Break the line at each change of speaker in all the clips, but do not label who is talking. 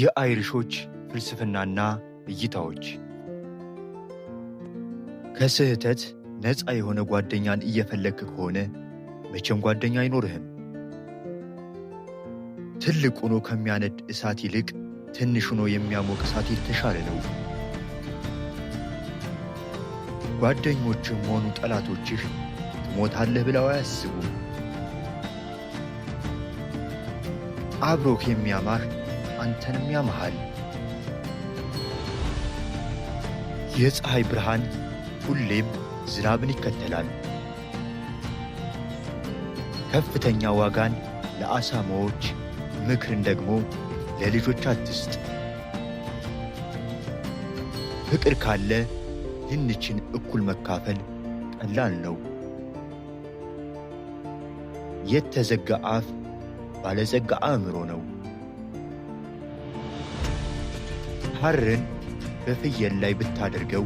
የአይሪሾች ፍልስፍናና እይታዎች ከስህተት ነፃ የሆነ ጓደኛን እየፈለግክ ከሆነ መቼም ጓደኛ አይኖርህም። ትልቅ ሆኖ ከሚያነድ እሳት ይልቅ ትንሽ ሆኖ የሚያሞቅ እሳት የተሻለ ነው። ጓደኞችህም ሆኑ ጠላቶችህ ትሞታለህ ብለው አያስቡም። አብሮህ የሚያማህ አንተንም ያመሃል። የፀሐይ ብርሃን ሁሌም ዝናብን ይከተላል። ከፍተኛ ዋጋን ለአሳማዎች፣ ምክርን ደግሞ ለልጆች አትስጥ። ፍቅር ካለ ድንችን እኩል መካፈል ቀላል ነው። የተዘጋ አፍ ባለጸጋ አእምሮ ነው። ሐርን በፍየል ላይ ብታደርገው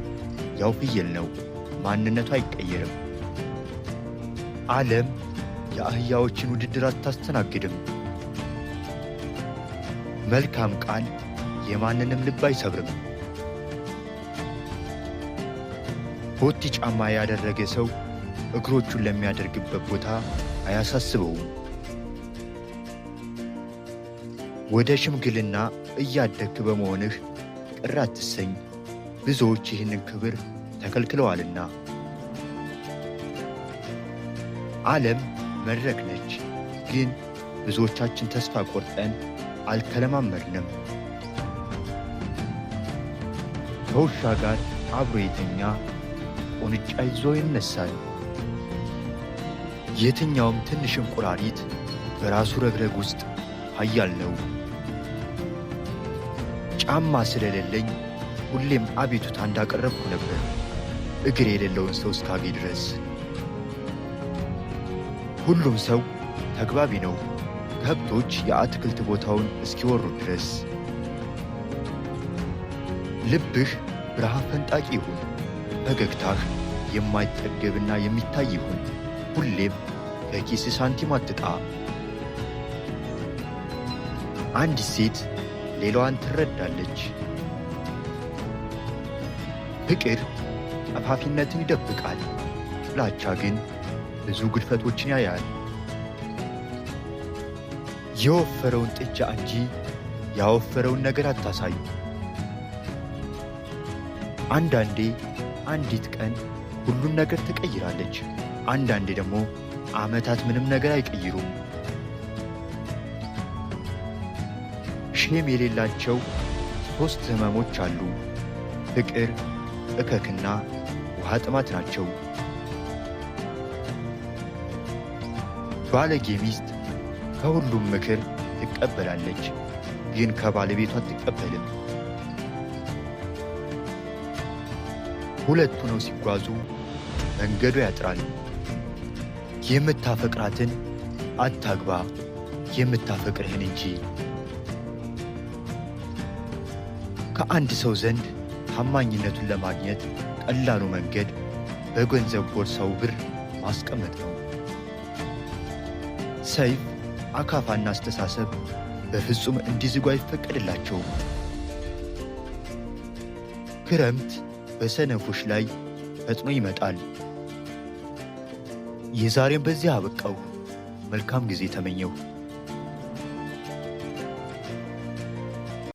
ያው ፍየል ነው፣ ማንነቱ አይቀየርም። ዓለም የአህያዎችን ውድድር አታስተናግድም። መልካም ቃል የማንንም ልብ አይሰብርም። ቦቲ ጫማ ያደረገ ሰው እግሮቹን ለሚያደርግበት ቦታ አያሳስበውም። ወደ ሽምግልና እያደግክ በመሆንህ ቅር አትሰኝ፣ ብዙዎች ይህንን ክብር ተከልክለዋልና። ዓለም መድረክ ነች፣ ግን ብዙዎቻችን ተስፋ ቆርጠን አልተለማመድንም። ከውሻ ጋር አብሮ የተኛ ቁንጫ ይዞ ይነሳል። የትኛውም ትንሽ እንቁራሪት በራሱ ረግረግ ውስጥ ኃያል ነው። ጫማ ስለሌለኝ ሁሌም አቤቱታ እንዳቀረብኩ ነበር፣ እግር የሌለውን ሰው እስካገኝ ድረስ። ሁሉም ሰው ተግባቢ ነው፣ ከብቶች የአትክልት ቦታውን እስኪወሩ ድረስ። ልብህ ብርሃን ፈንጣቂ ይሁን፣ ፈገግታህ የማይጠገብና የሚታይ ይሁን። ሁሌም ከኪስ ሳንቲም አትጣ። አንዲት ሴት ሌላዋን ትረዳለች። ፍቅር አፋፊነትን ይደብቃል፣ ጥላቻ ግን ብዙ ግድፈቶችን ያያል። የወፈረውን ጥጃ እንጂ ያወፈረውን ነገር አታሳዩ። አንዳንዴ አንዲት ቀን ሁሉም ነገር ትቀይራለች፣ አንዳንዴ ደግሞ ዓመታት ምንም ነገር አይቀይሩም። መቼም የሌላቸው ሦስት ሕመሞች አሉ። ፍቅር፣ እከክና ውሃ ጥማት ናቸው። ባለጌ ሚስት ከሁሉም ምክር ትቀበላለች፣ ግን ከባለቤቷ አትቀበልም። ሁለቱ ነው ሲጓዙ መንገዱ ያጥራል። የምታፈቅራትን አታግባ የምታፈቅርህን እንጂ ከአንድ ሰው ዘንድ ታማኝነቱን ለማግኘት ቀላሉ መንገድ በገንዘብ ቦርሳው ብር ማስቀመጥ ነው። ሰይፍ፣ አካፋና አስተሳሰብ በፍጹም እንዲዝጉ አይፈቀድላቸውም። ክረምት በሰነፎች ላይ ፈጥኖ ይመጣል። የዛሬም በዚህ አበቃው። መልካም ጊዜ ተመኘሁ።